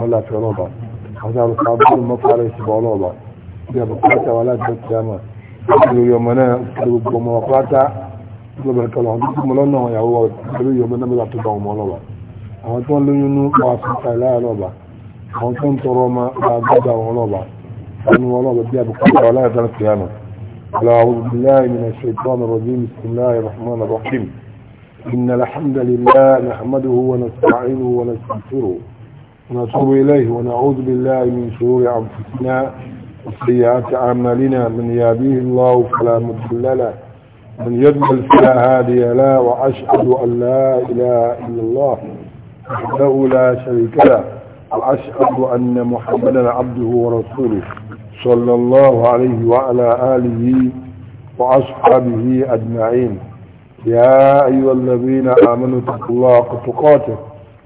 mọ́lá fi ọlọ́ba àti àlùkò abúlé mọ́fàlá ìṣìbọ̀ ọlọ́ba bí àbùkátà wà láti ọ̀tí àmà lórí ọmọ náà gbogbo ọmọ pátá gbogbo ẹ̀kọ́ lọ bí mo lọ́nà àwọn ìyàwó lórí ọmọ náà láti bá ọmọ ọlọ́ba àwọn tó ń lóyún ní wà fúnta ìláyà lọ́ba àwọn tó ń tọrọ ọmọ wà gbọ́dọ̀ àwọn ọlọ́ba ẹnu ọlọ́ba bí àbùkátà wà láti ọ̀tí àmà أعوذ بالله من الشيطان الرجيم بسم الله الرحمن الرحيم إن الحمد لله نحمده ونستعينه ونستغفره ونتوب إليه ونعوذ بالله من شرور أنفسنا وسيئات أعمالنا من يهديه الله فلا مضل له من يضلل فلا هادي له وأشهد أن لا إله إلا الله وحده لا شريك له وأشهد أن محمدا عبده ورسوله صلى الله عليه وعلى آله وأصحابه أجمعين يا أيها الذين آمنوا اتقوا الله تقاته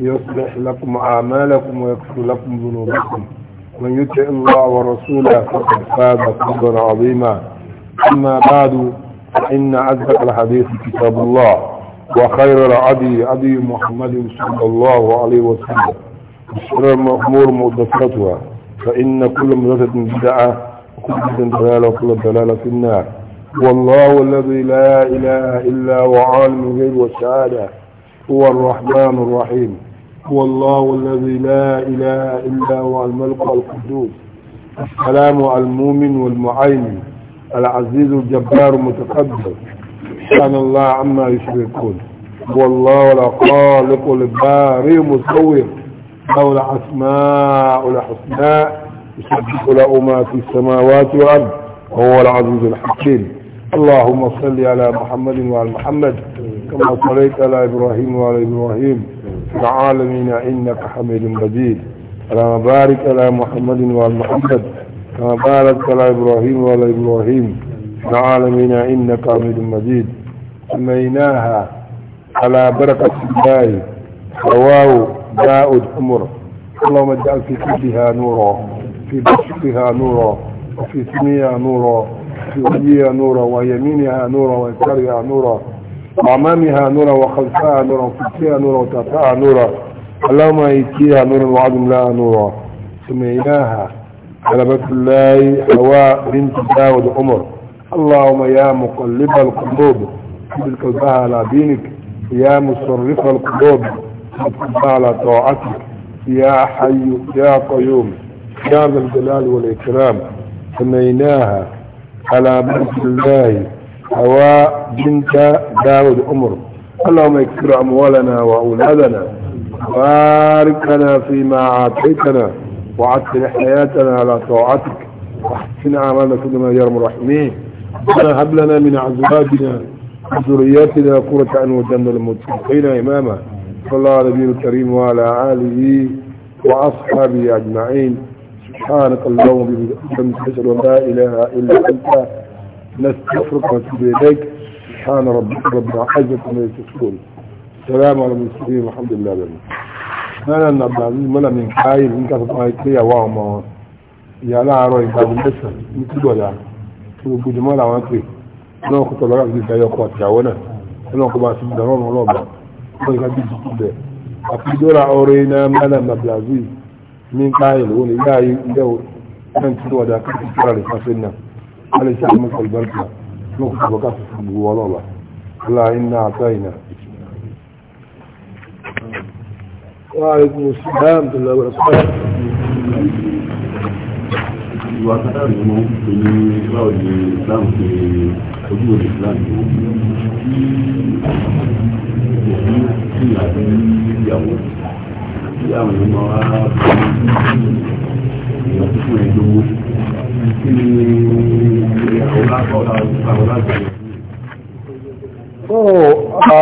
يصلح لكم أعمالكم ويكفر لكم ذنوبكم من يتع الله ورسوله فقد فاز فوزا عظيما أما بعد فإن أصدق الحديث كتاب الله وخير العدي عدي محمد صلى الله عليه وسلم وشر المأمور محدثاتها فإن كل محدثة بدعة وكل بدعة ضلالة وكل دلالة في النار والله الذي لا إله إلا هو عالم الغيب هو الرحمن الرحيم هو الله الذي لا إله إلا هو الملك القدوس السلام على المؤمن والمعين العزيز الجبار المتقدم سبحان الله عما يشركون هو الله الخالق الباري المصور له الأسماء الحسنى يسبح له ما في السماوات والأرض وهو العزيز الحكيم اللهم صل على محمد وعلى محمد كما صليت على إبراهيم وعلى إبراهيم في العالمين إنك حميد مجيد اللهم بارك على محمد وعلى محمد كما باركت على إبراهيم وعلى إبراهيم في العالمين إنك حميد مجيد سميناها على بركة الله رواه داء الأمر اللهم اجعل في كلها نورا في بشرها نورا وفي سميها نورا في وجهها نورا ويمينها نورا ويسارها نورا وأمامها نورا وخلفها نورا وفتها نورا وتحتها نورا اللهم ايتيها نورا وعدم لها نورا ثم سميناها غلبة الله حواء بنت داود عمر اللهم يا مقلب القلوب تبلك البهى على دينك يا مصرف القلوب ثبت قلبها على طاعتك يا حي يا قيوم يا ذا الجلال والإكرام سميناها على بنت الله هواء بنت داود أمر اللهم اكثر أموالنا وأولادنا وبارك لنا فيما عاتيتنا وعدتنا حياتنا على طاعتك واحسن أعمالنا ما يرم رحمين ربنا هب لنا من أزواجنا وذرياتنا قرة أعين وجنة للمتقين إماما صلى الله على نبينا الكريم وعلى آله وأصحابه أجمعين سبحانك اللهم وبحمدك أشهد أن لا إله إلا أنت نستغفرك ونتوب إليك سبحان ربك رب العزة عما يصفون سلام على المسلمين والحمد لله رب العالمين أنا عبد العزيز ملا من كايل من كتب آيتية وهم يا لا أروي باب لسه مثل ولا تقول بجمال عوانكري لو كنت لغاك دي كايو قوات جاونا لو كنت باسم درون ولوبا لو كنت بيجي كده أورينا ملا عبد العزيز من كايل وني لا يدو أنت تودع كنت ترى لفاسنا على سعمك البركة نقص بكاس الحب والله لا إنا أعطينا وعليكم السلام ورحمة الله وبركاته وأعتقد في إقرار الإسلام في حدود الإسلام في في èèyàn tó fún ẹjọ́ owó kí ni àwọn lágbàáyé. ó kò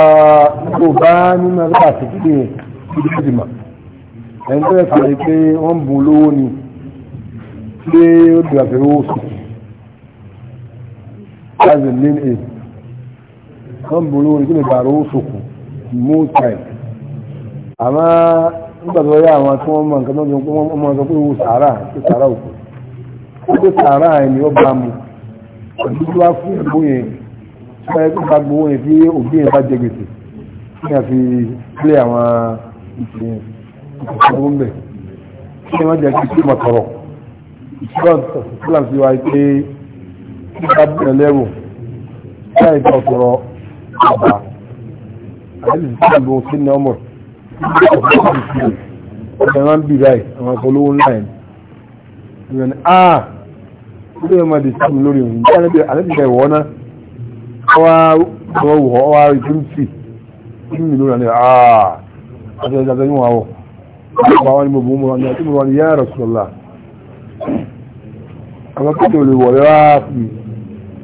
bá nínú ẹgbẹ́ àtìkíkè ìdíjìmọ̀ ẹni tó ẹ̀ka rí pé wọ́n bu lówó ni pé ó dìgbà pé owó sùn nígbà tó yá àwọn tí wọ́n mọ̀ nǹkan lọ́jọ́ pé wọ́n mọ̀ sọ pé wo sàárà sí sàárà òkú ó pé sàárà ẹni ó bá mu pẹ̀lú tó wá fún ìgbó yẹn tó yẹ kó bá gbowó yẹn tí òbí yẹn bá jẹ gbèsè kí wọ́n fi lé àwọn ìpè yẹn ìpèsè ń bẹ̀ kí wọ́n jẹ́ kí kí mọ̀ tọ̀rọ̀ ìṣúná fúlàn sí wa pé kí bá bẹ̀rẹ̀ lẹ́rù láì tọ̀ tọ̀rọ̀ àbá àti ìṣúná ìbò ọ̀sẹ̀ máa ń bì báyìí àwọn akọlówó ńlá ẹ̀ ìwọ̀n ni a ilé ọmọ di sáàmù lórí òun ní alẹ́bí alẹ́bíkà ìwọ̀ náà ọwá ọwọ́ wọ̀ ọwá ìtú ń tì ní ìlú rẹ̀ ní ah! àà àti ẹja tó níwọ̀n àwọ̀ ọba wọn ni mo bù mọ́ ní àti mo wà ní yá ẹ̀rọ sọ̀lá àwọn kọ́tà olè wọ̀ rẹ̀ wá sí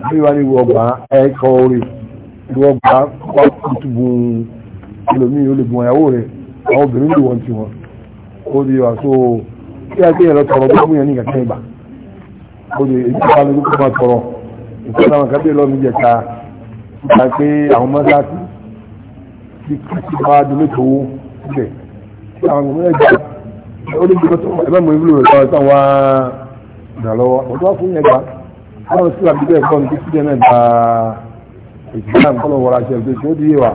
bí wà ní ìwọ̀ ọgbà ẹ̀kọ́ orí ìwọ̀ ọgbà wà kùtùbù ẹlòmíì olè bùn ìyàwó rẹ̀ àwọn obìnrin lè wọ́n ti wọn ó di wà so kí á kéèyàn lọ tọrọ bí fún yẹn ní kẹkẹ ìgbà ó di èyí tó bá ní kókó máa tọrọ ìfẹ́ náà kábíyè lọ mi jẹta nípa pé àwọn mọ́sáàtì ti kí ti bá dúró tó wó síbẹ̀ kí àwọn ọmọ ẹgbẹ́ ó lè gbé kọ́tọ́ ẹgbẹ́ mọ̀ ìlú rẹ̀ lọ́wọ́ sáwọn wá ìrànlọ́wọ́ ọ̀dọ́ fún yẹn gbà wọ́n sì wà bíbẹ̀ kọ́ ní kíkí náà gba ìsìlámù kọ́lọ̀ wọ́ra ṣe ẹgbẹ́ tí ó di yé wa.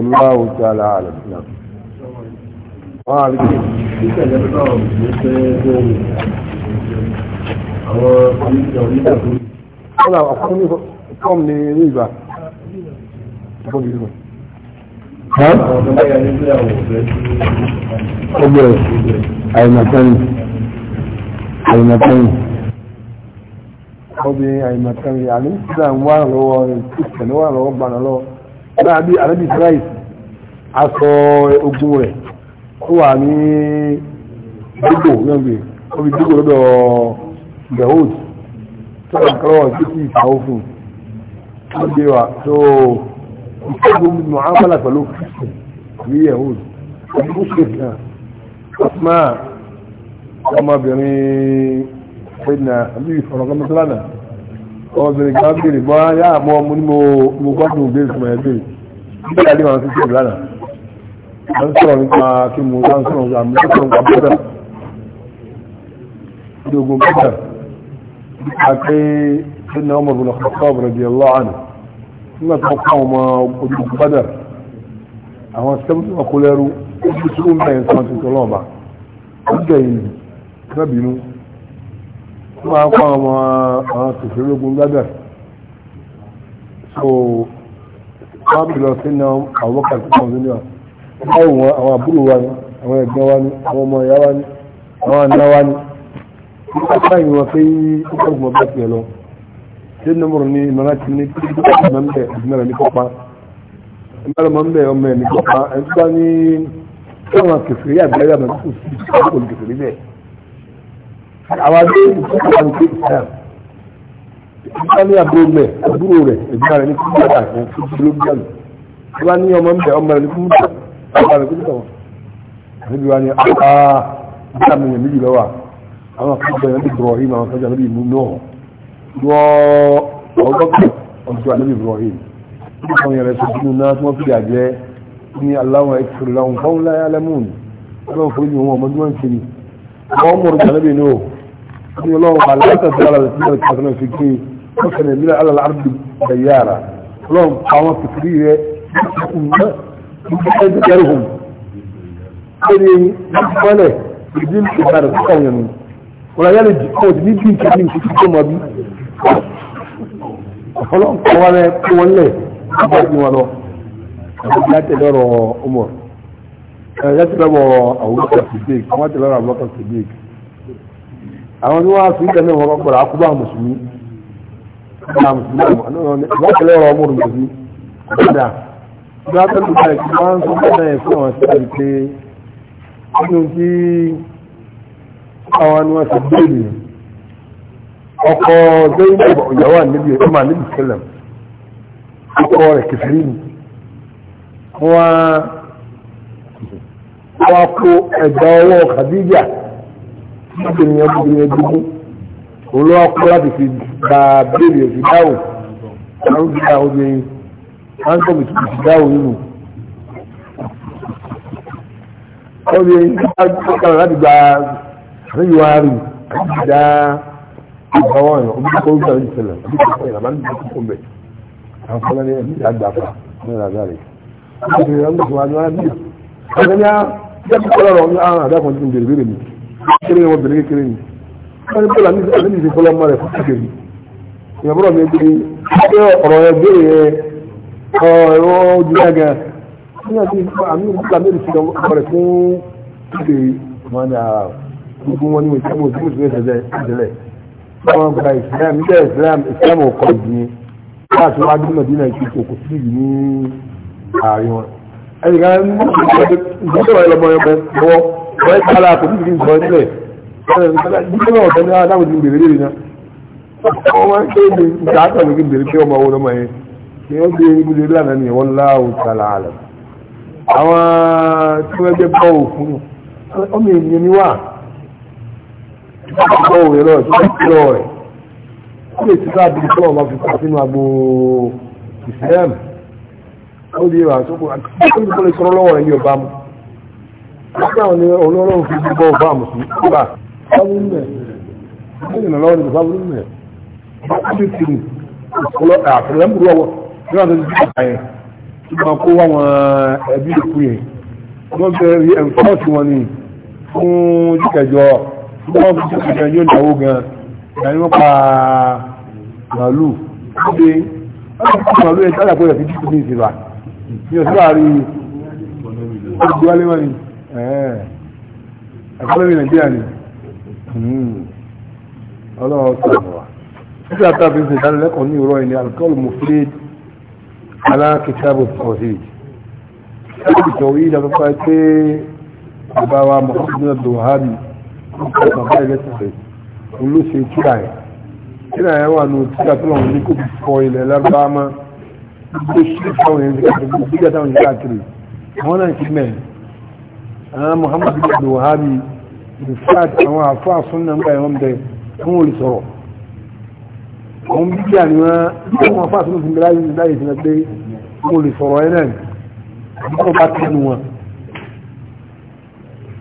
الله تعالى أعلم نعم Ọ̀nà ọ̀fún ní fọ́m ní ilé ìgbà. Ọgbẹ̀ àìmàtánì. Àìmàtánì. Ọgbẹ̀ àìmàtánì. Àní ìsìlá ń wà lọ́wọ́ ìpìsẹ̀ ní wà lọ́wọ́ gbànà lọ́wọ́. Láàbí Àrẹ́bì Christ, aṣọ ogun rẹ̀ ó wà ní dúgbò lẹ́gbẹ̀ẹ́ ó fi dúgbò lọ́dọ̀ yahood tó wà kọ́lọ́wọ́ sí sí ìfàwọ́ fún ó dé wa tó ìṣẹ́gun mọ̀hámàlà pẹ̀lú kristian ní yahood ó ní muslim náà asma ọmọbìnrin fẹ́nà àbí ìfọ̀rọ̀kọ́mọ́sálánà ọmọbìnrin kan bèèrè bọ́ yá àmọ́ mo ní mo gbọ́dọ̀ bèèrè fún ẹ̀bẹ̀rẹ̀ don sọ̀rọ̀ nípa kí mo dá sọ̀rọ̀ nípa mo dá sọ̀rọ̀ nípa bọ́dà ní ogun bọ́dà nípa pé sẹ́ni ọmọ ìbùnà kọ́kọ́ radiyallahu anhu nígbà tó kọ́ ọmọ ogun bọ́dà àwọn sẹ́mi ọkọ̀ lẹ́rú ó ti tún ń bẹ̀yẹn sọ́n tuntun lọ́ọ̀bà ó gẹ̀yìn lábìínú wọ́n máa ń kọ́ ọmọ àwọn tòṣèlú ogun bọ́dà so wọ́n bìlọ sẹ́ni ọmọ àwọn kàkọ́ ọ̀hún báwo wọn àwọn àbúrò wa ni àwọn ẹ̀gbọ́n wa ni àwọn ọmọ ìyá wa ni àwọn àná wa ni nípa báyìí wọn fẹ́ yí kókó ọgbọ̀n bá tiẹ̀ lọ ṣé nọmọrọ ni ìmọ̀lá ti ní kí ló bá máa ń bẹ̀ ìdúmọ̀lá ní kópa ìmọ̀lá máa ń bẹ̀ ọmọ ẹ̀ ní kópa ẹ̀ tó bá ní kí àmọ́ kò sí kò ní kẹfìrí bẹ́ẹ̀. àwa dé ìfúnpá ní àbúrò rẹ̀ ní ọba rẹ̀ kíkọ̀ níbi wa ni àà níta ah, mi yẹn méjì lọ́wọ́ àwọn akẹ́kọ̀ọ́ yẹn ti Ibrahim àwọn akẹ́kọ̀ọ́ níbi ìmú náà wọ́ ọgọ́kọ̀ ọ̀dọ́ níbi Ibrahim nípa yẹn rẹ̀ sọ sínú náà tí wọ́n fi dà jẹ́ ní aláwọ̀ ẹ̀kẹ́rù láwọn fáwọn láyé alẹ́mùn ọlọ́run fún mi wọn ọmọ tí wọ́n ń ṣe ni wọ́n mọ̀rọ̀ jà níbi náà ní ọlọ́run ìgbẹ́ ìgbẹ́ ìhùn lórí ìpínlẹ̀ ìdí ìbàdàn tó kàn yẹnu ọ̀rọ̀ ayé lè jì kọ́ ọ̀dì níbi ìkàlì ìṣòkè tó mọ̀ bí ọlọ́nkọ̀ wa rẹ̀ kó ọmọ ọmọ gbáàtọ̀ lùkà ìkú máa ń sọ́kọ́ náà fún àwọn sí àrípé nínú tí àwọn ni wọ́n ti bèèrè ọkọ̀ zainab ìyàwó àníbi ọmọ àníbi sílẹ̀ ọkọ̀ rẹ̀ kìfìrí ni wọ́n wá kó ẹ̀dá ọwọ́ láti fi gbà bèèrè ìdáhùn àwọn ìdáhùn obìnrin an kọ̀ bìtì bìtì dáwò nínú ọ̀rọ̀ yẹn nípa kọ̀ọ̀kan láti gba àríwá rí àti dá ìgbàwọ̀ ọ̀nà omi kọ́ orúkọ àti ìṣẹ̀lẹ̀ àti ìṣẹ̀lẹ̀ ìlànà ní ìṣẹ̀lẹ̀ kọ̀ mẹ́ àwọn kọ́lá ní ẹ̀mí àgbà fà ní ìrànlá rẹ̀ wọ́n ti rẹ̀ ń gbèsè wọn ní wọn ọ̀gá ní jẹ́bi kọ́lá rọ̀ ní àwọn àdá ti ń bèrè bèrè mi kéré ni bèrè ọ̀rọ̀ jùlọ gan nígbà tí àmì ìgbà mẹ́rin ti lọ́wọ́ rẹ̀ fún ìgbè mọ́nà gbogbo wọn ní wọ́n ìsìlámù òsì mùsùlùmí ìṣẹ̀lẹ̀ ìṣẹ̀lẹ̀ wọ́n gba ìsìlámù nígbà ìsìlámù ìsìlámù ọkọ̀ ìdíyẹ láti wá dúró mọ̀dínà ìṣòkò kò sí ìlú ní àárín wọn. ẹnì kan ìgbésẹ̀ wọn lọ́mọ ẹgbẹ́ lọ́wọ́ wọ́n ẹ̀ kálá kò sí ìlú ìṣọ̀rọ̀ nílẹ̀ ìgbésẹ̀ wọn ọ̀tọ̀ ní ni wọ́n gbé ibùdó lánàá ni wọ́n láwù tààlà àlẹ̀ àwọn tí wọ́n gbé bọ́ọ̀ fún ọmọ ènìyàn ni wà bọ́ọ̀ rẹ̀ lọ́ọ̀ tí wọ́n fi lọ́ọ̀ rẹ̀ ó lè ti sáà bíi tọ́lọ̀ máa fi kà sínú agbo ìsìlẹ́m ó di ìwà àtúkò àti ìgbésẹ̀ lè sọ̀rọ̀ lọ́wọ́ rẹ̀ ọba mu nígbà wọn ni olóró fi bí bọ́ọ̀ bá mùsùlùmí kúrà fáwọn mẹ́ ó lè nà lọ́wọ́ nípa fáwọn mẹ́ ó ti tì mù àfọlẹ́mùrú ọwọ́ yóò wá lórí bíbá yẹn tí wọ́n kó wá wọn ẹbí ìkú yẹn wọ́n bẹ̀rẹ̀ ẹ̀ńkọ́ọ̀tì wọn ni fún jíkẹjọ wọ́n fi jíkẹjọ yẹn yóò náwó gan ìgbà yẹn wọ́n pa màálù ṣe wọ́n pa màálù yẹn tálà pẹ̀lú ẹ̀fíjì ní ìsìlá ní ọ̀sẹ̀ wà rí ọdún wálé wọn ni ẹ̀kọ́lẹ́mì nàìjíríà ni hmm. ọlọ́wọ́ sọ̀rọ̀ wa. Títí àtàkùn ṣèdánilẹ́kọ̀ọ́ ní ìrọ̀ ẹni alukọ́lù mufrid على كتاب التوحيد كتاب التوحيد رفعتي أبا محمد بن الدوهان كل شيء كراي كراي وانو تكاتلون لكو بسكويل الأربعة gbogbo ṣe fáwọn èèyàn ìgbàgbọ́ gbogbo gbígbà táwọn ìgbà kiri àwọn náà ti mẹ́rin àwọn muhammadu buhari in fact àwọn àfáà súnnà ń bá ẹ̀wọ̀n bẹ fún olùsọ̀rọ̀ àwọn bíbí àníwá àwọn afá tó fi láyé láyé sí pé mo lè sọ̀rọ̀ ẹ̀ náà àbí kọ́ bá tẹnu wọn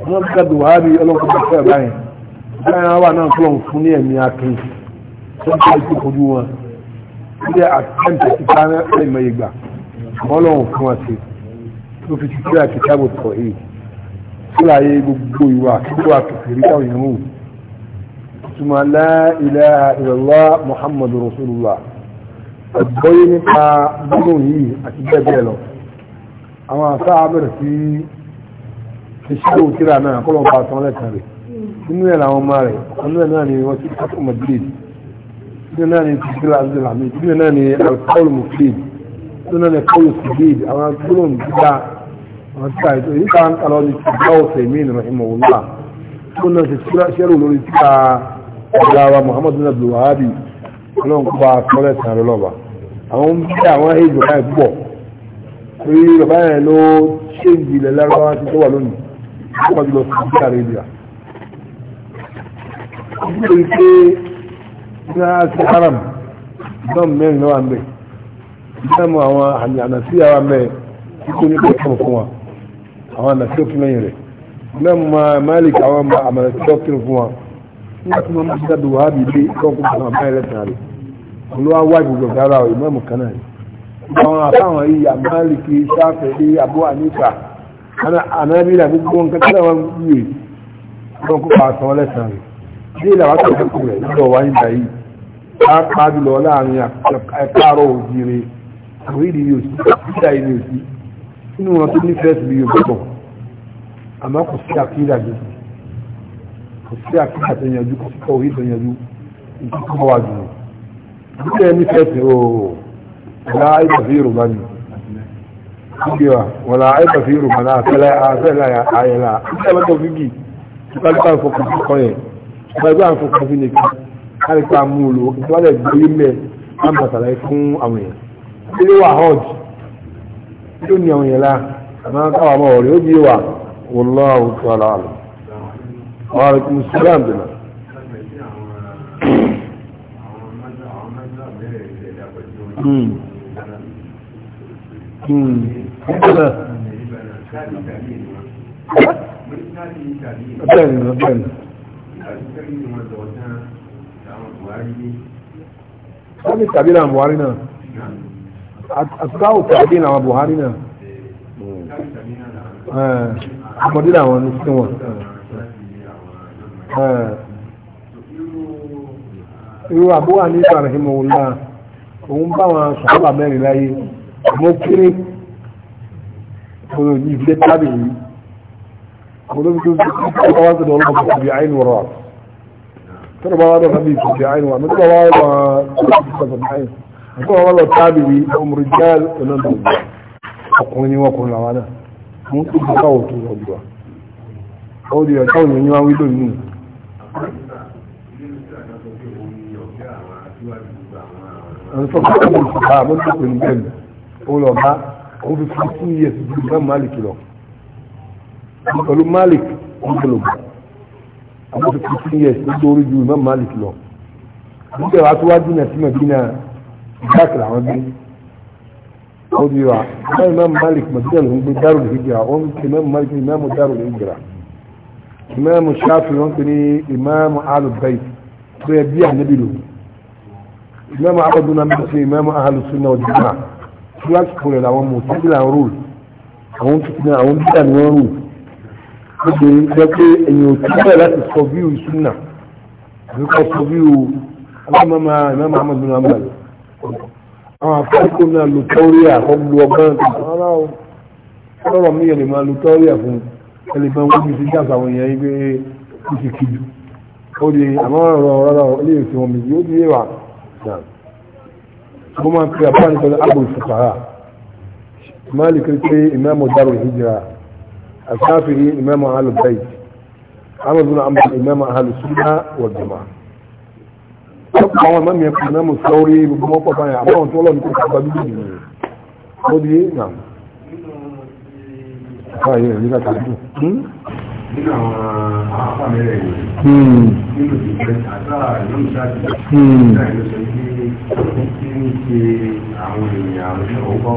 wọ́n bí kàdù wá rí ọlọ́pàá bá fẹ́ báyìí báyìí wà náà tó lọ́n fún ní ẹ̀mí akin tó ń tẹ́lẹ̀ tó kojú wọn ilé àtẹ́ǹtẹ̀ ti ká ẹ̀mọ ìgbà ọlọ́run fún wa sí tó fi ti tẹ́lẹ̀ àti ìtumọ̀ la ilaha illallah muhammadu rasulullah ọ̀gbọ́yé nípa gbọ́dọ̀ yìí àti bẹ́ẹ̀ bẹ́ẹ̀ lọ àwọn àṣà bẹ̀rẹ̀ sí iṣẹ́ òkúra náà kọ́ lọ́nà pàtàkì lẹ́kàn rẹ̀ nínú ẹ̀ làwọn ọmọ rẹ̀ nínú ẹ̀ náà ni wọ́n ti kátó madrid nínú náà ni tìsílà azulami nínú náà ni alkaul mufid nínú náà ni kaul sidid àwọn agbóhùn gbígbà àwọn tí a yìí tó yìí ká ń kalọ́ ní tìgbà nìrọ̀ ìmọ̀ wòlá náà ọ̀gáwa muhammadu nabil wahabi ọlọ́nkọba kọ́lẹ̀tì àrẹ lọ́ba àwọn ń bí àwọn èèyàn báyìí púpọ̀ torí bàbá yẹn ló ṣe ń jìnlẹ̀ lárúbáwá ti tó wà lónìí wọ́n jùlọ sí sí arabia nítorí pé ní a ti haram náà mẹ́rin náà wà ń bẹ̀ ìdáàmú àwọn àmì ànàsí àwọn mẹ́ kíkó ní pẹ̀lú fún wa àwọn ànàsí òfin lẹ́yìn rẹ̀ mẹ́rin máa máàlì àwọn àmàlẹ́sí láti mọ́ mọ́ síta dùwà bí ilé kọ́kọ́ kan àbá ẹlẹ́sìn rẹ̀ olúwa wá ìgbògbò gara ọ̀ ìmọ̀ kanáà ni àwọn àtàwọn yìí àmàlìkì sáfẹ̀dé àbú àníkà anábìlà gbogbo nǹkan tí wọ́n yìí wọ́n kó pa àtàwọn ẹlẹ́sìn rẹ̀ bí ilẹ̀ wá tẹ̀lé kù rẹ̀ lọ́dọ̀ wáyé gbà yìí á pa jùlọ láàrin ẹ̀kárọ̀ òjìire àwọn ìdí yóò sí ìdá yìí yóò sí nínú wọn tó nífẹ̀ẹ́ sí yóò gbọ́ àmọ́ kò sí àkíyà kò sí àkíkà tó yanjú kò sí kọ̀wé tó yanjú ìkọ́kọ́ wájú nígbà ẹni fẹ́ẹ̀sì ooo wọlá àìbà fi yorùbá ni nígbà wọlá àìbà fi yorùbá náà fẹ́lẹ́ àfẹ́lẹ́ àyẹ̀lá nígbà ẹ̀mọ́ tó fi gì nígbà tó ń fọkàn sí kọ́ yẹn nígbà tó ń fọkàn sí nìkan láti pa mú un lò ó kí وعليكم السلام دلال Sáàbì tàbí náà Buhari náà. Àtúkáwò tàbí náà Buhari náà. Àmọ̀dé náà wọn ní sí wọn irú àbúwà ní ìsàrìhìmọ̀ òlà òun báwọn sọ̀rọ̀bà mẹ́rin láyé mọ́ kéré òun ìdílé tábì yìí olóbi tó fi kí ọwọ́ tó dọ̀ọ́ lọ́wọ́ kò fi àìní wọ̀rọ̀ tó lọ́wọ́ wá lọ́wọ́ kò fi àìní wọ̀rọ̀ tó lọ́wọ́ wá lọ́wọ́ kò fi àìní tábì yìí ọmọ rìjáàl ọ̀nà tó gbà ọkùnrin ni wọ́n kùnrin làwọn náà mú tó gbà káwọ̀ tó lọ́gbà ó di ọ̀táwọn ènìyàn wá wí lónìí àǹsọ̀kọ́ ọmọ ìṣòro àmọ́ tó pè ní bẹ́ẹ̀ ni òun lọ bá òun fi fifteen years ju ìgbà Malik lọ pẹ̀lú Malik òun kò lò bá àmọ́ fi fifteen years tó dórí ju ìgbà Malik lọ àmọ́ tẹ̀wá tó wá dínà sí Mẹ́dínà ìgbà kìlà wọn gbé ó di wa ìgbà ìmọ̀ Malik Mẹ́dínà ló ń gbé dárò lè hijira ó ń pè mọ́ Malik ní mẹ́mọ́ dárò lè hijira ìmáàmù ṣáfì wọn pè ní ìmáàmù alùbẹ́yì tó yẹ bí ànábì lò ìmáàmù abọ́dún náà mẹ́ta sí ìmáàmù alùsùnà ọ̀dùnmá fúláṣì kúrẹ̀ làwọn mú títí là ń rúl àwọn tuntun àwọn bíjà ni wọ́n rúl ó ṣe jẹ́ pé ẹ̀yìn òtún bẹ̀rẹ̀ láti sọ bíu ìsúnà àbí kọ́ sọ bíu alámàmà ìmáàmù amadu náà mẹ́ta àwọn afẹ́kù náà lò tọ́rí àkọ́gbọ́ ọgbọ́n tó ẹlẹ́gbẹ́ wọ́n ti fi gáàsì àwọn èèyàn gbé ó ti kìjú ó di àmọ́ ọ̀rọ̀ ọ̀rọ̀ ilé ìsìn wọn méjì ó di yé wa mo máa ń pe àbúrò nípa àbò ìfòkàrà máàlì kékeré ìmáàmù dárò ìhìjìrà àṣàfihì ìmáàmù alùbáyì amazon ambo ìmáàmù alùsùnà wọ̀jọ̀mà ọ̀pọ̀ àwọn ìmáàmù yẹn kò ìmáàmù sọ́ọ́rí gbogbo ọ̀pọ̀ báyà àbáwọn tó lọ́nà kó kàgbà káyé rẹ̀ nígbà tàbí hmm? nínú àwọn afámẹ́rẹ̀ yìí hmm. nínú ìgbẹ́ àtàrà ló ń ṣáàtì náà ló sọ pé kí ní ṣe àwọn ènìyàn àwọn ìṣẹ́ òkọ́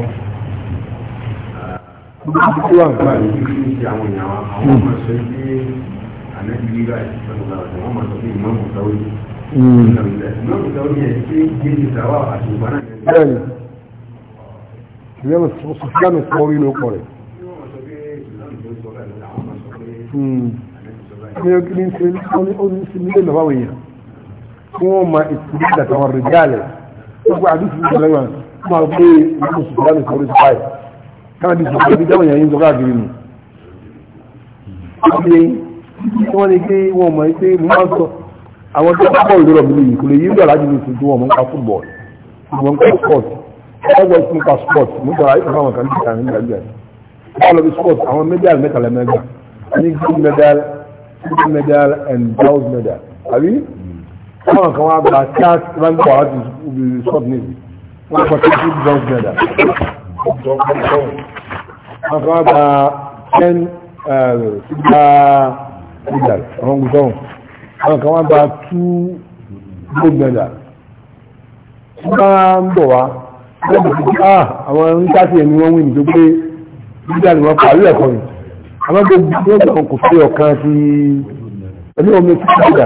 Gbogbo wa gbà ní kí ní ṣe àwọn ènìyàn àwọn ọmọ sọ pé ànábìlì rà ìṣẹ́lẹ̀ ọ̀dọ̀ wọn máa sọ pé ìmọ̀ mọ̀sáwó yìí. Ìmọ̀ mọ̀sáwó yẹn ṣé jẹ́ ìṣàwọ̀ àti ìgbà náà. Bẹ́ẹ̀ni, ìyá mi sọ fún mi sọ orí ló kọ̀ rẹ̀ ní ó ní ṣe ní ó ní ṣe nílé lọ́wọ́ èèyàn tí wọ́n ma ìtìlú ìdàtàwọn rẹ̀ jálẹ̀ gbogbo àdúgbò ìṣẹ̀lẹ̀ wọn máa gbé ìlú sùdánù sórí báyìí káwọn di sọ̀rọ̀ ibi dáwọn èèyàn yìí ń sọ káàkiri nù. ọ̀pẹ tí wọ́n ní pé wọ́n mọ̀ pé mo sport mo gbọ́dọ̀ àyíkọ́ fáwọn kan níta nígbà yẹn. wọ́n lọ bí sport àwọn méjì àlùmẹ́ta lẹ́mẹ́gbà ní gold medal silver medal and bronze medal àbí àwọn kan wá gba chat ránkọ̀ láti sọ́ọ̀t níbi wọ́n gba two gold medal àwọn kan wá gba ten eh, silver medal àwọn gbùsọ̀hún àwọn kan wá gba two gold medal wọ́n bá ń bọ̀ wá lẹ́bùn tí ah, àwọn oníṣàṣì ẹni wọ́n wí ní tó pé dídá ni wọ́n pa lẹ́ẹ̀kọ́ yìí àwọn gbogbo ọjọ́ kò fi ọ̀kan ti ẹni omi tí ó dà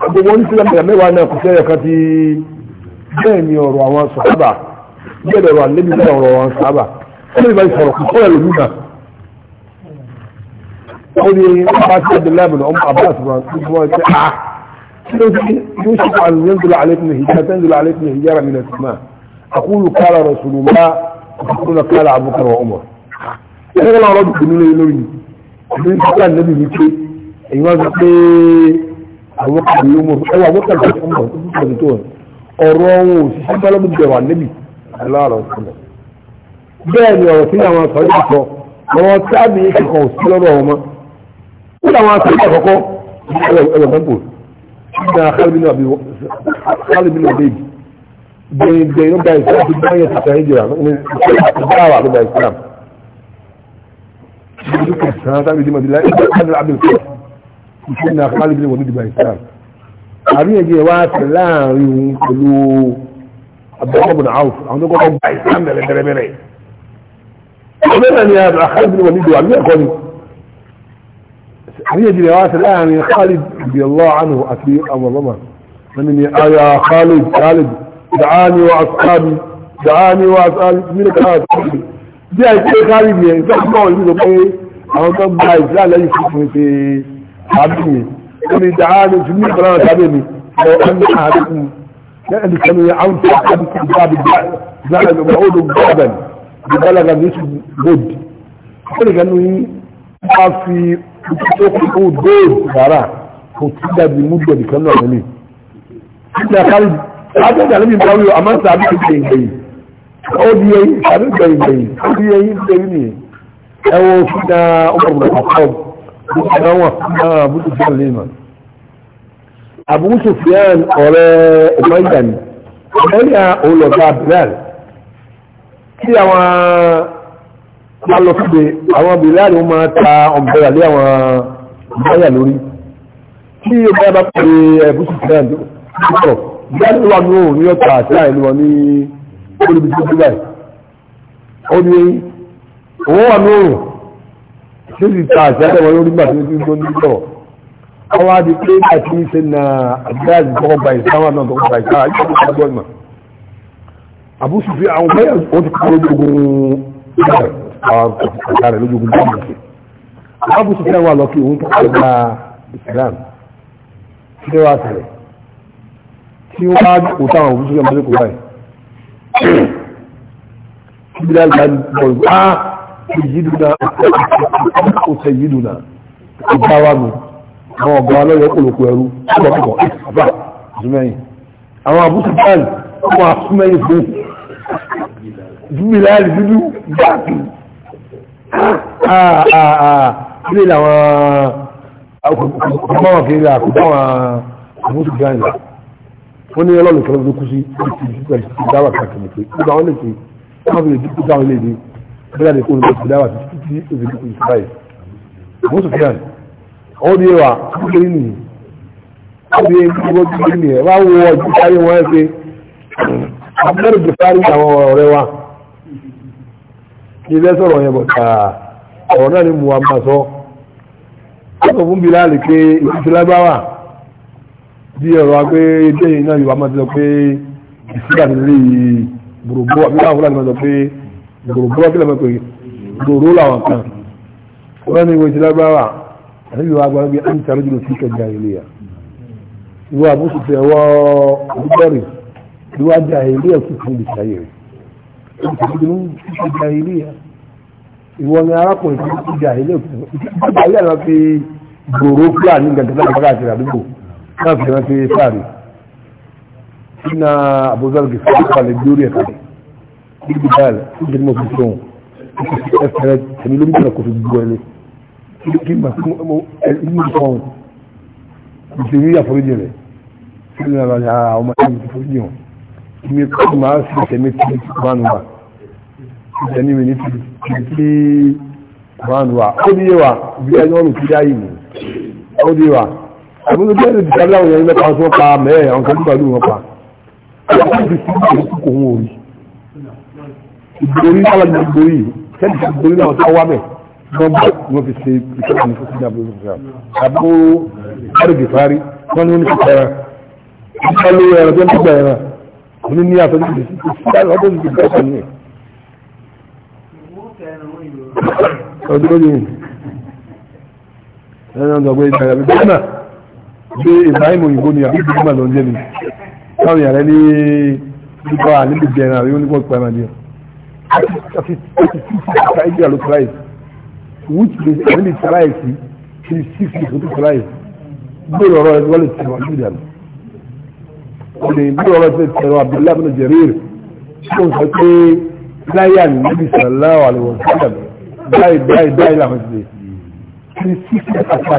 gbogbo wọn tí ó mẹ́wàá náà kò fi ọ̀kan ti bẹ́ẹ̀ ni ọ̀rọ̀ àwọn sàábà bẹ́ẹ̀ lọ́rọ̀ àlébí náà ọ̀rọ̀ àwọn sàábà ó lè bá ìsọ̀rọ̀ kò fọ́ọ̀rọ̀ lómi náà ó ní ọba tí ẹ̀dẹ̀ lábìnrin ọmọ abbas wọn tí wọ́n ti a ah, kí ló ti yóò ṣe pa àlùyẹ́ ńdúlà àlékún ìhìjá tẹ́ńdúlà àlékún ìhìjá rà ẹgbẹ́ náà rọ́dù kù nílé lórí ìdí nípa níbi yìí pé èyí wá sọ pé àwọn kan ló mọ̀ ẹwà àwọn kan ló mọ̀ tó tó tó ọ̀rọ̀ ohun òṣìṣẹ́ bọ́lọ́mù bẹ̀wà níbi aláàrọ̀ ọ̀sọ̀lọ̀ bẹ́ẹ̀ ni ọ̀rọ̀ sí àwọn sọ́jà sọ àwọn tábì kíkọ̀ sí lọ́rọ̀ ọmọ ó làwọn sọ́jà kọ́kọ́ ẹ̀rọ̀ mẹ́pò ṣùgbọ́n akálùbínú àbí akálùbínú àbẹ́yì gbẹ̀yìn gbẹ̀yìn ló gba ìsìlámù gbọ́n yẹn tàbí ìjìyà ló gba ìsìlámù duka sanata bi madina ibn abdul qadir shi na khalid bin walid bin islam abin yaje wa sallahu kullu abdullah bin auf an go go islam da dare bere kuma ne ya khalid bin walid wa ne ko هي جلوات الآن يا خالد رضي الله عنه أثير أمر الله من يا خالد خالد دعاني وأصحابي دعاني وأصحابي من كانت bí a ṣe kárí mi ẹ ń sọ́kọ́ ọ̀rọ̀ yìí lọ pé àwọn tó gba ìsìlá lẹ́yìn fún mi ṣe àbí mi ó ní dáa ní ìtumí ìfọ̀rọ̀ àwọn sábẹ́ mi lọ ọ́n ní àárín ẹni kan ní àwọn tó àbí kí bá bí gbára lọ́gbà ó ló gbọ́ ọ̀bẹ̀ ní bọ́lága ní oṣù gold ó lè ganu yín wá fi ojú tó kú rárá kò tí dàbí mú gbọ̀dì kan náà mi ó di ẹyí àbí gbẹ̀yìn gbẹ̀yìn ó di ẹyí gbẹ̀yìn nìyẹn ẹ wo fúnà ọmọbùnà àkọ́ bí ọ̀nà wọn fúnà àbúrò fún lèèmọ̀ àbúrò Sufyan ọ̀rẹ́ ọ̀mọ̀yà ni ọ̀mọ̀yà olùọ̀gá Bilal tí àwọn alọ́fíde àwọn Bilal wọn máa ta ọ̀mọ̀bẹ̀rẹ̀ lé àwọn ọ̀mọ̀yà lórí tí ọ̀gá bá pè é àbúrò ó níbi tí ó báyìí ó ní owó wà lóòrùn tí ó sì ta àṣẹ àtẹwọn lórí gbà tí ó ti ń gbóni lọ àwọn adi pé àti ń ṣe na àgbáyàjì tọkọ gba ìsáwà náà tọkọ gba ìsáwà yóò tó ká gbọ́n mà àbúṣù fi àwọn bẹ́ẹ̀ wọ́n ti kọ́ lójoogun àwọn àkàrà lójoogun bá wọn ṣe àbúṣù fi àwọn àlọ́kì òun tó kọ́ gba ìsìlámù kí ló wá ṣẹlẹ̀ tí wọ́n bá kó táwọn òbúṣù fi àwọn àlọ́kì bilal bá bọ̀ á ìyídùnà òṣèyídùnà ọgbà wa nù àwọn ọgbà alọ́yọ̀ òkòlòkò ẹrú ọgbàkọ̀ ìfà jùmẹ́yìn àwọn àbúkù báyìí ọmọ àfúnmẹ́yìn fún bilal dúdú báàkì ilé làwọn ọmọ kiri àkùkọ àwọn àbúkù báyìí wọ́n ní ọlọ́run kan ló kú sí ìdáwà káàkiri pé gbogbo àwọn lè ṣe káàkiri dípò táwọn lè dé bẹ́ẹ̀ ni kò ní ìdáwà títí tí ó fi dípò ìsìláyè àwọn sọfíà àwọn òbí wa kékeré nìyí àbí gbogbo kékeré nìyí wá wo ọjọ́ káyé wọn ẹ pé abẹ́rẹ́ gbèsárì àwọn ọ̀rẹ́ wa kí ilé sọ̀rọ̀ yẹn bọ̀ tà ọ̀rọ̀ náà ni mo wà máa sọ. ó sọ fún Bilal pé ìfìlábáwà bí ọ̀rọ̀ agbé déyìn náà yorùbá máa ti sọ pé ìsílẹ̀ àti ilé yìí gbòrògbò àbí láwọn fúlàní máa sọ pé gbòrògbò kí lọ́mọ pé gbòrò làwọn kan wọ́n ní ìwé ti lágbára àti ìwà agbára bí àmì ìtàrí jùlọ sí kẹjà ilé yà ìwà àbúṣe ti ẹwọ́ àbúgbọ́rì ìwà àjà ilé ẹ̀kú fún ìṣàyè rẹ̀ ìtàrí jùlọ sí kẹjà ilé yà ìwọ ni arákùnrin ti kẹjà ilé ẹ̀kú fún ìṣàyè rẹ̀ láti rántí sáàrí iná àbúzọ́lù gẹ̀ẹ́sì pàlẹ̀ lórí ẹ̀ka níbi báyìí níbi mo fi sóhun ẹ̀fẹ̀rẹ̀ tẹ̀mí ló ń bẹ̀rẹ̀ kò fi gbọ́ ẹlẹ́ kí mà fún ẹ̀mí sọ́hun kò sì rí àforíjì rẹ̀ sí ní ara ya ọmọ ẹ̀mí ti forí hàn mi kọ́ máa ń fi tẹ̀mí tí kùránù wà ìtẹ̀ní mi ní ti tí kùránù wà ó ní yẹ wa bí ẹni ọ̀rùn fi dá yìí ó ní yẹ wa àbúrò bí ẹni ìdìbò aláwọ̀ yẹn lọ́pàá tó pa mẹ́ẹ̀ àwọn kan nígbà lóun pa ìgbòrí alájọ ìgbòrí kẹ́ni ti ìgbòrí náà tó wá mẹ́ wọ́n bá wọ́n fi ṣe ìṣẹ́lẹ̀ ní fúnṣẹ́ àbúrò fúnṣẹ́ àbúrò àrùbí fárí wọ́n ní oníṣẹ́ ẹ̀rọ wọ́n lórí ẹ̀rọ tó ń gbà ẹ̀rọ wọ́n ní ní àtọ́jú ìṣẹ́lẹ̀ ọdún ti bẹ́ẹ̀ sọ ní ọdún ọdún ẹ̀rọ ọdún ọgbẹ́ ìgbà gbé ibrahim òyìnbó ni àbí ìdílé lọ jẹ́ ni káwọn yàrá ní nípa àníbi bẹ̀rẹ̀ àrí onígbọ̀ pẹ̀lú àdìyẹ àti sísè ìgbà ló tẹ̀láyè which means àníbi tẹ̀láyè sí ti sísè ìgbà tó tẹ̀láyè gbèrò ọ̀rọ̀ ẹ̀ wọlé tẹ̀wọ̀ àbí ìdílé àná ọ̀dẹ̀ gbèrò ọ̀rọ̀ ẹ̀ tẹ̀wọ̀ abdullahi bin jarir tó ń sọ pé láyé àníbi sàláwà lè wọ̀ sí ìdàgbẹ́ báyìí báyìí báyìí làwọn ti dé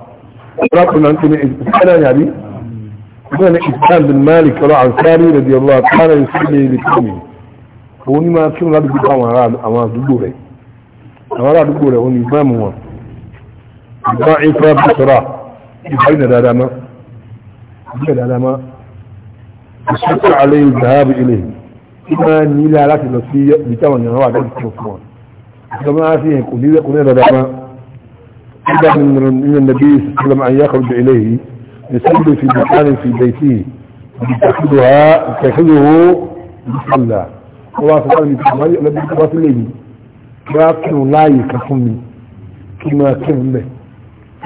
رب من أنت يعني كان إسلام بن مالك ولا عنصاري رضي الله تعالى يصلي لقومه هوني ما كان لا بيقول أما راد أما دبوره أما راد دبوره هوني ما هو ضعيف بصرا يبين الألام يبين الألام يشكر عليه الذهاب إليه إما نيلا لك لسي بتوان ينوى ذلك الكفرون كما فيه كل ذلك الألام طلب من النبي صلى الله عليه وسلم أن يخرج إليه يصلي في مكان في بيته يتخذها يتخذه مصلى الله سبحانه وتعالى لم يقبض لي لكن لا يكفني كما كان به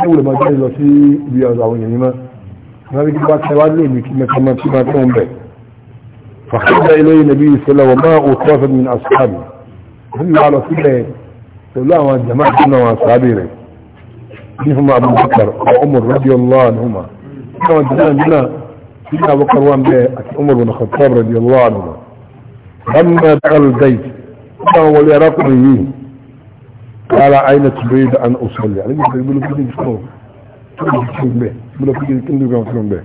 أول ما جاء إلى شيء بيضعون يعني ما ما بعد كواد لي كما كما كما كما به فخرج إليه النبي صلى الله عليه وسلم وما أطرف من أصحابه هم على سبيل الله وجماعة وأصحابه منهما أبو بكر وعمر رضي الله عنهما كما تقولنا سيدنا أبو بكر وان به عمر بن الخطاب رضي الله عنهما لما دخل البيت قام وليراقبه قال أين تريد أن أصلي يعني يقول لك كيف تكون به يقول لك كيف تكون به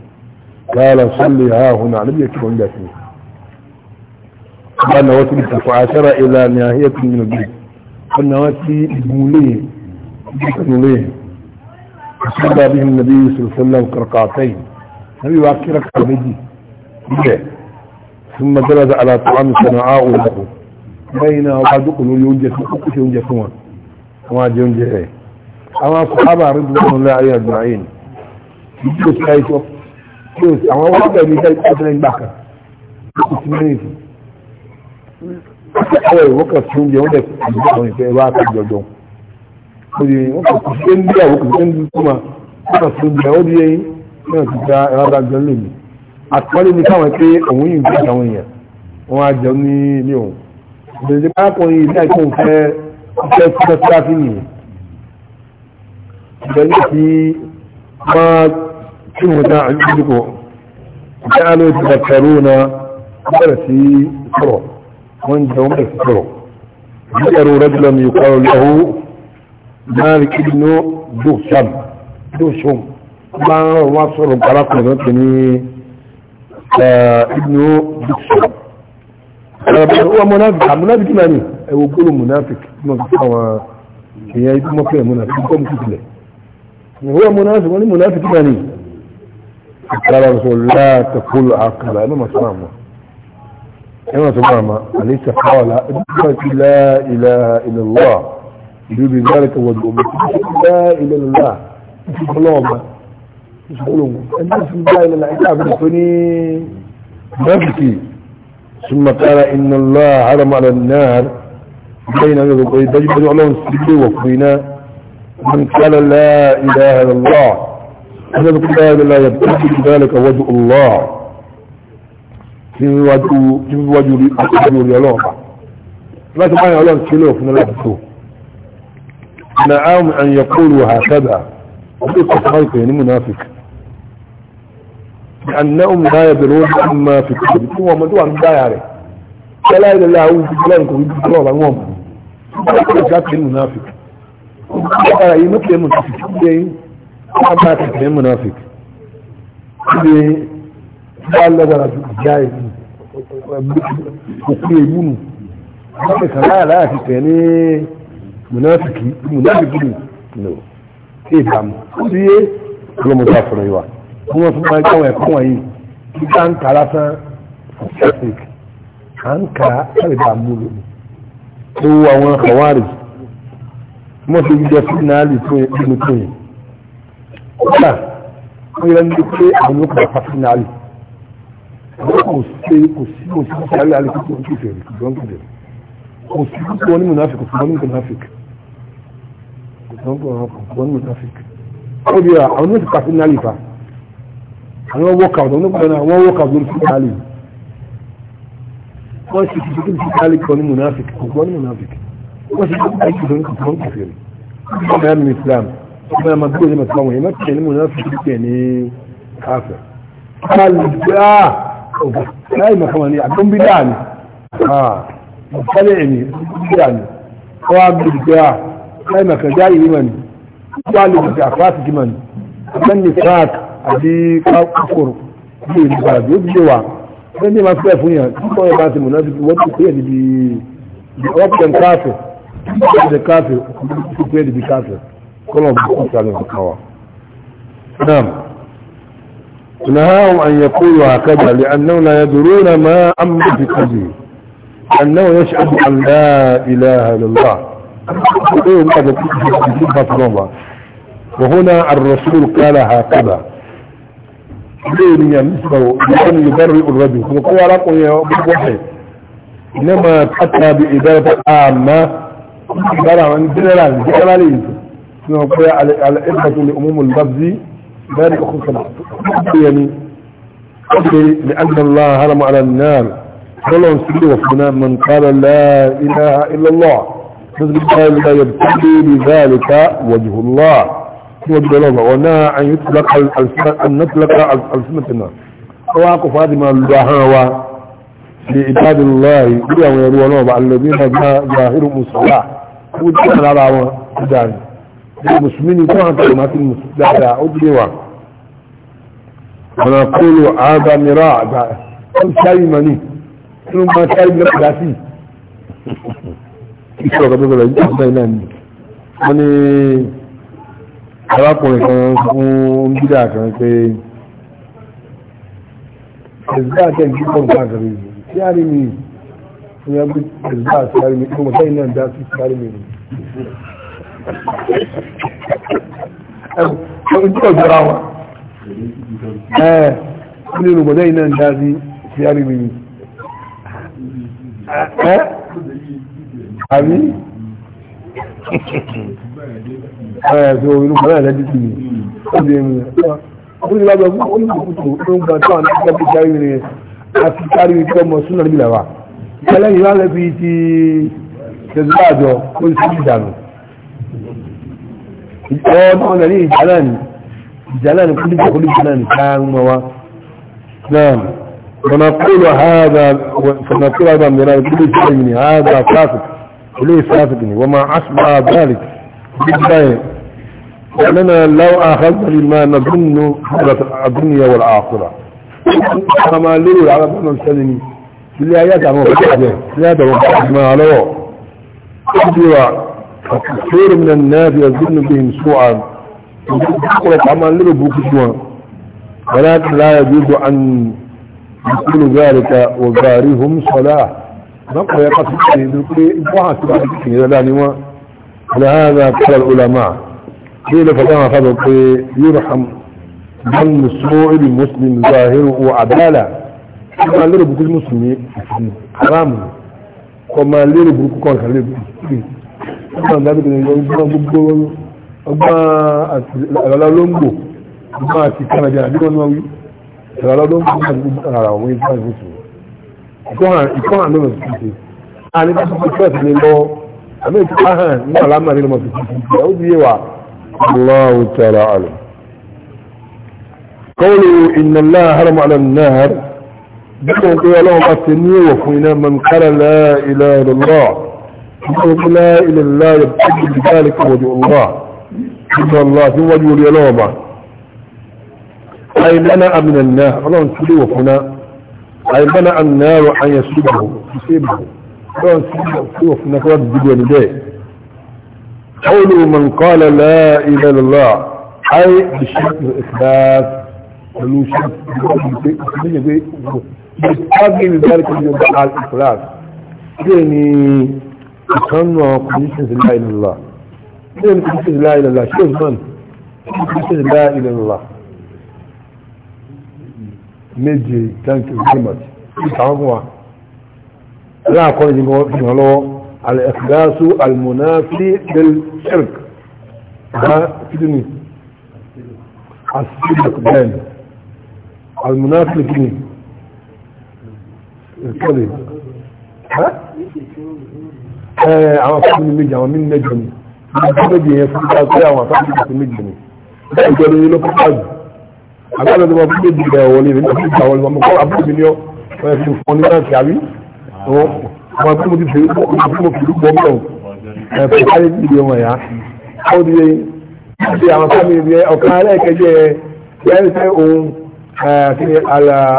قال صلي ها هنا لم يكن لك قال نواتي فعاشر إلى نهاية من البيت قال نواتي بموليه بموليه فصلى بهم النبي صلى الله عليه وسلم كركعتين النبي واكي ركعة مجي ثم جلس على طعام صنعاء له بين وعدق يونجي سوق يونجي سوق وما يونجي ايه اما الصحابة رضوان الله عليهم اجمعين يجلس كايتو يجلس اما وقت اللي جاي قتلين بكر يجلس أول وقت يونجي وده يجلس يجلس يجلس ó di wọ́n kò sí pé ń bí àwọn kò sí pé ń bí kúmà wọ́n kò sí bí ó di yẹn náà ti gba ẹ̀rọ àgbọn lèmi àtìmọ́lé ni káwọn pé òun yìí ń gbé àwọn èèyàn wọ́n á jẹun ní ilé òun ìbèrè pápákùnrin ilé àìkú fẹ́ fẹ́ fẹ́ fẹ́ fi nìyẹn ìbẹ̀rẹ̀ tí wọ́n tí wọ́n dá àdúgbò ìdáàlú ti bàtẹ̀rù náà bẹ̀rẹ̀ sí sọ̀rọ̀ wọ́n jẹun bẹ̀rẹ̀ sí sọ̀rọ̀ مالك بن دهشم دهشم ما صور القرق لكني ابن دهشم هو منافق منافق ماني هو كل منافق ما هو هي ما فيه منافق كم كتله هو منافق ولا منافق ماني قال رسول الله تقول عقل انا ما سمعنا انا سمعنا أليس قال لا اله الا الله يريد ذلك وجهه لا إله إلا الله اللهم يقولون أنت لا إله إلا الله أعرفني نفسي ثم قال إن الله حرم على النار بين يجب أن يعلم السبيل وفينا من قال لا إله إلا الله أنا بقول لا إله إلا الله يبتدي ذلك وجه الله في وجه في وجه الله لا تبعني الله سبيل وفينا لا تسوه نعم أن يقول هكذا وقلت خلق يعني منافق لأنهم لا يدرون عما في الكتاب هو مدوع من لا فلا إلى الله هو في كلامكم يجب الله عنهم ذات المنافق أي مثل المنافق أي أما تكلم المنافق قال لك أنا جاي وقيمون لا لا تكلم munafiki munafiki no ìbámu ó ti yé ọlọ́mọdé àfọ̀rọ̀ yìí wa bí wọ́n fún wọn káwọn ẹ̀kọ́ wọ̀nyí kí ká ń kà lásán celtic à ń kà káríbi àmúlò ó wọ àwọn àwárí wọ́n fi jẹ́ fúnnáàlì tó yẹ kí ni tó yẹ kódà ó yẹ ní pé àwọn ọkọ̀ àpá fúnnáàlì kò sí kò sí kò sí kò sí àríyá àlekí tó ń kò fèrè kò sí kò sí wọn ní munafik kò sí wọn ní munafik ó di àwọn ní ìsìnkà sí nálì fa àwọn workout àwọn onígbà náà wọ́n workout lórí sí nálì wọ́n sì ti tóbi sí nálì kan ní monafik ọgbọ́n ní monafik wọ́n sì tóbi sí ìdòwò kan tó ń kẹfẹ́ rẹ̀ ọmọ ya mi Islam ọmọ ya ma dúró ní mẹ́ta wọn yẹn má tẹ̀lé monafik tẹ̀ ní káfẹ́ káàlì gbá ọ̀gá láì mọ̀ fún wa ní àgbọ̀nbí dáa ni ọ̀gá lẹ́yìn ní ọ̀gá lẹ́yìn ní ọ̀gá láìmọ̀ kan jáì ní mọ̀ ní wà lè gbèsè àfáàsì jìmọ̀ ní ọ̀pẹ́ ní frank àti kòkòrò bí èdè ìgbàlódé ó ti ṣe wà wọ́n ní ma fẹ́ fún yàn tí wọ́n ti mọ̀ náà ti pè é níbi ọ̀pẹ̀n káfẹ̀ ọ̀pẹ̀ káfẹ̀ ó ti pè é níbi káfẹ̀ kọ́lọ̀ bí kò sàmì ọ̀kan نعم نهاهم أن يقولوا هكذا لأنهم لا يدرون ما أمر في قلبه أنه يشهد أن لا إله إلا الله إيه، وهنا الرسول قال هكذا لين ينسوا يعني لأن يبرئ الرجل وقال لكم يا أبو واحد إنما أتى بإدارة عامة إدارة عن جنرال جنراليز قال على إدارة لأموم اللفظ ذلك خصنا يعني لأن الله هرم على النار ولو نسلي من قال لا إله إلا الله لا يبتغي بذلك وجه الله وجه الله ونا أن يطلق أن نطلق ألسنتنا وواقف هذه ما الله لعباد الله يوم يرونه الذين ظاهرهم الصلاة ودخل على ودان المسلمين يكون كلمات المسلمين لا أدلوا ونقول هذا مراع كل شيء مني كل ما شيء من iṣẹ́ ọ̀gá gbogbo rẹ̀ yìí àgbà iná ni wọ́n ní arákùnrin kan fún bídà kan pé ẹ̀sùgbà tẹ̀ ń kíkọ́ nǹkan àgbà rẹ̀ sí àrí mi ní ẹgbẹ́ ẹ̀sùgbà sí àrí mi ọmọ sẹ́yìn náà dá sí àrí mi rẹ̀. ẹ̀sùn tí ọ̀gbọ́ra wa ẹ̀ ní ọmọ sẹ́yìn náà dá sí àrí mi rẹ̀ àbí ẹ̀ tó inú bẹ̀rẹ̀ lẹ́dí sí mi ó di ẹ̀mí ó ní lábẹ́ fún olùkùkù tó ń gba tó àwọn akẹ́kọ̀ọ́ bí kárí rẹ̀ àti kárí rẹ̀ tó mọ súnà níbi làwà ẹlẹ́yìn wá lẹ́fi ti tẹ̀síwá àjọ ó sì sí ìdànù ọ̀nà ọ̀nà ní ìjà náà ni ìjà náà ni kúlùjọ kúlùjọ náà ni káàrùn mọ́ wa náà فنقول هذا فنقول هذا من هذا كل شيء هذا فاسق إليه فاسقني وما أشبع ذلك بالبين لأننا لو أخذنا لما نظن حضرة الدنيا والآخرة كما ليه على بعض السلمي اللي آيات عمو فتحده عمو تبقى ما علوه كثير من الناس يظن بهم سوءا وقلت عمال ليه بوكشوان ولكن لا يجب أن يقول ذلك وغارهم صلاح نقل يقصدني بالقي واحد بعدين يداني على هذا قال العلماء قيل فلما فضل يرحم من مسموع بمسلم ظاهر وعدالة كما ليرو بكل مسلم حرام كما ليرو بكل كون خليل كما ذلك يقول أما أتلالونغو أما أتكنا جانا دي ونوي أتلالونغو أما أتكنا جانا دي ونوي الله تعالى أعلم قولوا إن الله حرم على النهر بكم قيل لهم وفينا من قال لا إله إلا الله يقول لا إله إلا الله يبتدي بذلك وجه الله إن الله في وجه اليوم أي لنا من النهر الله نسلي وفنا أي منع النار أن يسلبه يسلبه كان سوف نكوات جدوى لديه قول من قال لا إله إلا الله أي بشرط الإخلاص ولو شرط يتقاضي بذلك اليوم على الإخلاص يعني كانوا conditions لا إله إلا الله يعني conditions لا إله إلا الله شوف من conditions لا إله إلا الله méje thank you very much ìtàwọn fún wa aláàkọ́ni ní wọ́n fi hàn lọ́wọ́ alẹ́kìdásù almunafi del shirk bá kìdìní asidik ben almunafi kìdìní ìkọlẹ̀ ẹ̀ àwọn fún méje àwọn mímẹ́jọ méje yẹn fún ìgbà méje ni ìgbà agbára ọdún ọdún méjì rẹ̀ wọlé rẹ̀ nígbà tó wọlé ọmọ kọ́ àbúrò mi ní ọ wọ́n fi fún ní náà kàrí ọmọ tí mo ti fi mo fi gbọ́ mọ́ ẹ̀ fi káyé ti di ọmọ ẹ̀yà ó di ṣe àwọn sámi rẹ̀ ọ̀kan alẹ́kẹ̀jẹ́ yẹ́rì pé òun kí ni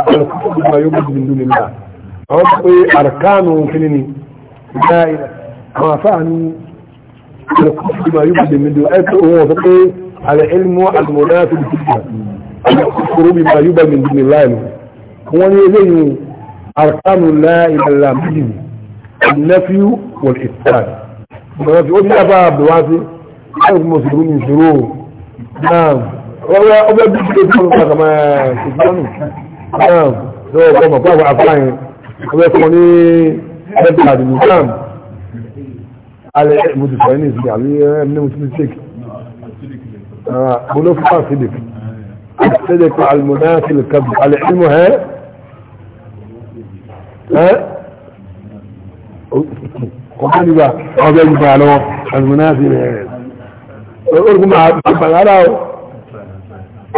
alùpùpù tó máa yóò gbèsè nínú nílá àwọn tó pé àrkánu kíní ni ìgbà àwọn afáàní alùpùpù tó máa yóò gbèsè nínú ẹ̀ pé òun ọ̀sán kúrò bí máa yúbà mi dùn ní láìlú wọ́n ní eléyìí arkanu láìlá méjì nafiu wal islam bọ̀dọ̀ tí ó ní àbá àbúwá sí láì fún mọ̀sùlùmí ní ìṣòro náà ọbẹ̀ bí ṣe tó ń pa kàmá ṣùgbọ́nù náà lọ́wọ́ kọ́ mọ̀ pàápàá àfáàyàn ọbẹ̀ fún ní ẹgbẹ́ àdìmú náà alẹ́ mo ti sọ ní ìsìn àbí ẹni mo ti ti ṣèkì ah, mo ló fún àṣìdìkì الصدق مع المنافي الكذب على علمه ها ها وقال بقى هذا ينفع له المنافي ارجو مع على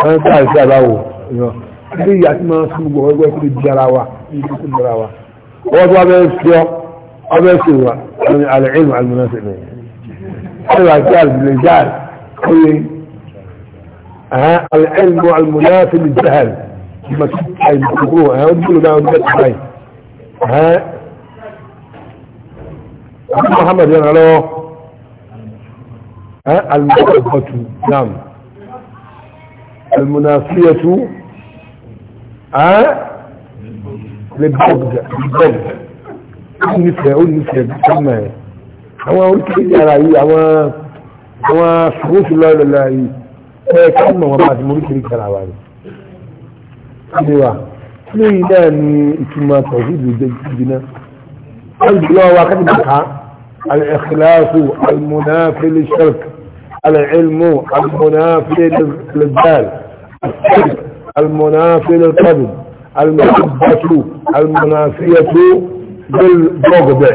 انا تعال سابعه rí àtìmọ́ sínúgbò ọgbẹ́ kúrò jíjára wa ìjọba tó wá bẹ́ẹ̀ fi ọ́ ọbẹ̀ sí wa alẹ́ ìlú alìmọ́nà sílẹ̀ ẹ̀rọ àti àlùbìlẹ̀ jáàrì ó yẹ ها العلم المنافي للجهل ما تقولوها ها ودلوا ده ودلت حي ها محمد يا هلو ها المنافقة نعم المنافية ها للبغض للبغض نفسي اقول نفسي بسمها هو قلت كده على يعني ايه هو هو شروط الله لله ẹ káàmù wọn bá ti mú oríkèérí kan àwa rẹ̀ ṣe wa lẹ́yìn náà ni ìtumọ̀ tọ̀síìdì jẹ́jìnà alùpùpù wa kàtí bàtà alẹ́kìláàfù alùmùnáfẹ́lẹ́ shark alẹ́ẹ̀lmù alùmùnáfẹ́lẹ́ lẹ́gbàl alùmùnáfẹ́lẹ́ tọ́dù alùmùnáfẹ́lẹ́ alùmùnáfẹ́lẹ́ tó gbẹ́gbẹ́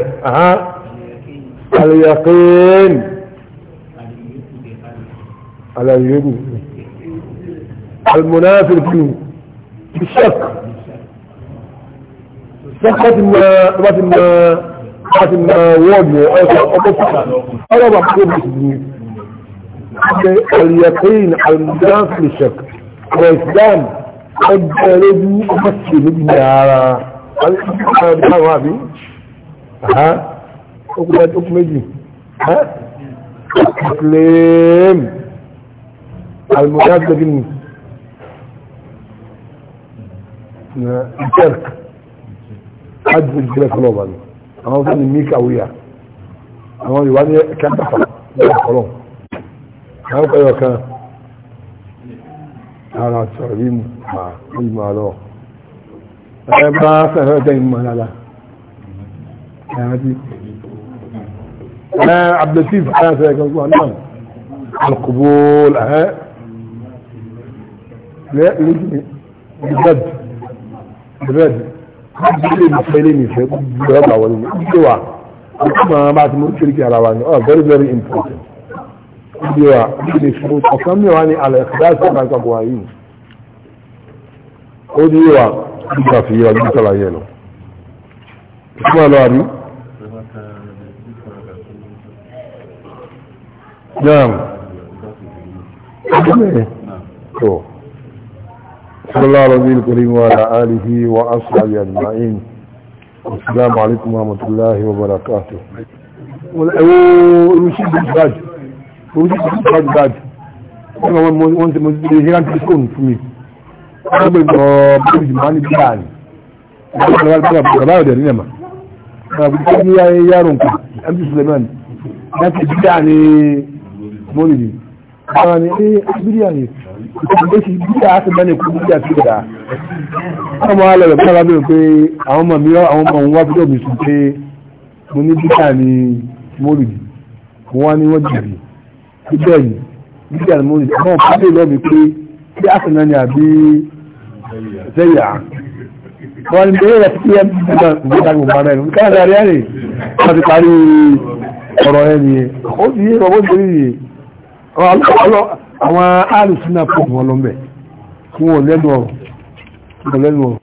alùyàkẹ́yìn على اليمين المنافق بالشك سكت ما ما ما سكت ما وجه أنا بحكي بالدين اليقين المنافق بالشك الإسلام قد لدي أمثل ابن على الإسلام ها أقول أقول ها تسليم المجادلة بالنسبة الترك حجز في الجلسة لوبا انا وصلت الميك اويا انا يواني كان تفعل لا خلوه انا وقع يوكا أيوة، انا اتسربين مع المعلوم انا باسا هدين ما لا انا عبد اللطيف حاسة يقول نعم القبول ها أه. لا يريد بجد بجد بجد مسائلين يفهم بجد أولين بجوا كما ما تمر شركة على واني oh very very important بجوا بجد شروط أصلا واني على إخلاص ما تقوين بجوا بجوا في يوم مثلا يلو كما لاري نعم نعم صلى الله عليه الكريم وعلى آله وأصحابه أجمعين السلام عليكم ورحمة الله وبركاته والمشيد بالباج ومشيد بالباج باج أنا وانت مزيدان تسكن في مي أقبل بابج ماني بلاني أنا أقبل بابج إنما أنا بجاني يا يارونك أمس سليمان نفسي بلاني مولدي أنا إيه أبدي يعني ìpàdé sí bídà á ti bá ní ikú bídà sí ìdá wọ́n máa lọ rẹ̀ fún mi pé àwọn ọmọ mi àwọn ọmọ òun wá fúdọ̀ mi sùn pé mo ní bídà ní mólùdì mo wá ní wọ́n jìbì bídà ní bídà ní mólùdì àwọn ọmọ mi lọ mi pé bí a sì náà ní àbí sẹ́yà wọ́n ní bẹ́ẹ̀ rẹ̀ fi ẹ́ bídà ìgbésà gbogbo ara ẹ̀ káyà sáré rẹ̀ wọ́n ti parí ọ̀rọ̀ ẹ̀ nìyẹn ó sì yé ọ̀rọ̀ àwọn alùsùnà pọ̀ wọn lọ́mẹ̀ wọn ò lẹ́nu ọ̀rọ̀